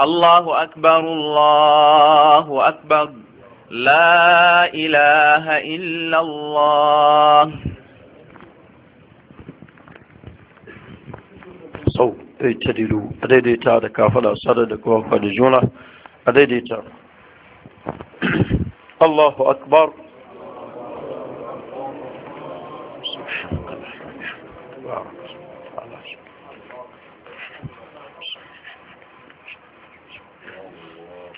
الله أكبر الله أكبر لا إله إلا الله صو أي تدلو أديت تار كافلا صار دكوا فلجونا أديت تار الله أكبر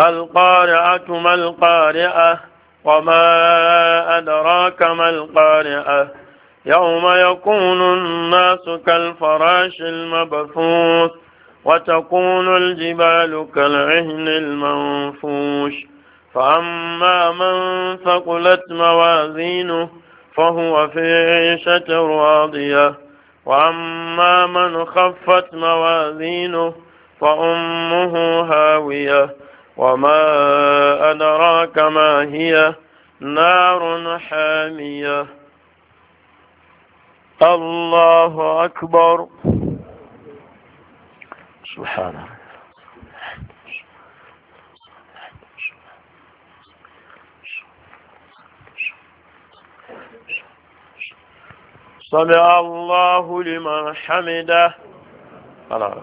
القارعة ما القارعة وما أدراك ما القارعة يوم يكون الناس كالفراش المبثوث وتكون الجبال كالعهن المنفوش فأما من ثقلت موازينه فهو في عيشة راضية وأما من خفت موازينه فأمه هاوية وما أدراك ما هي نار حامية الله أكبر سبحان الله سمع الله لمن حمده الله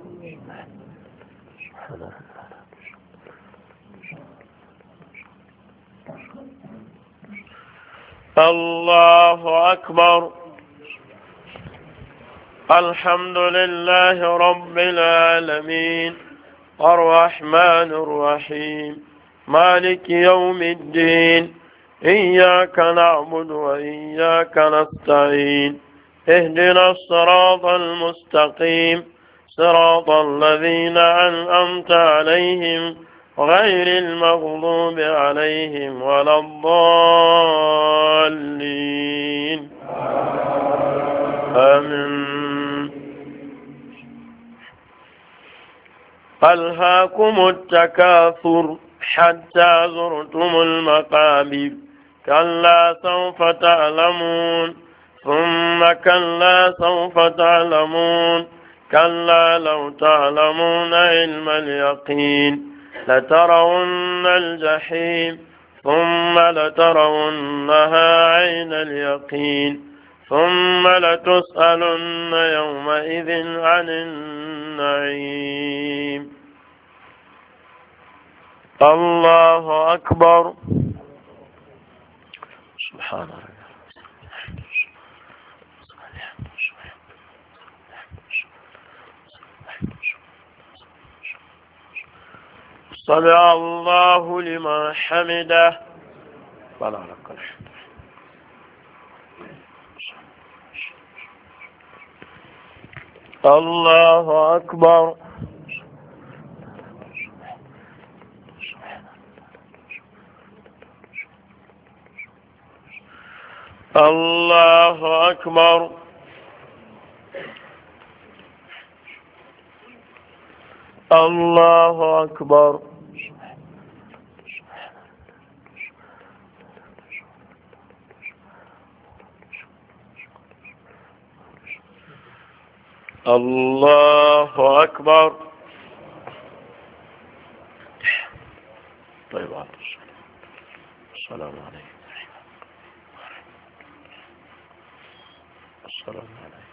الله أكبر الحمد لله رب العالمين الرحمن الرحيم مالك يوم الدين إياك نعبد وإياك نستعين اهدنا الصراط المستقيم صراط الذين أنأمت عليهم غير المغضوب عليهم ولا الضالين آمين ألهاكم التكاثر حتى زرتم المقابر كلا سوف تعلمون ثم كلا سوف تعلمون كلا لو تعلمون علم اليقين لترون الجحيم ثم لترونها عين اليقين ثم لتسألن يومئذ عن النعيم الله أكبر سبحان الله سمع الله لمن حمده بلى لك الحمد الله أكبر الله أكبر الله أكبر الله أكبر طيب عبد السلام عليكم السلام عليكم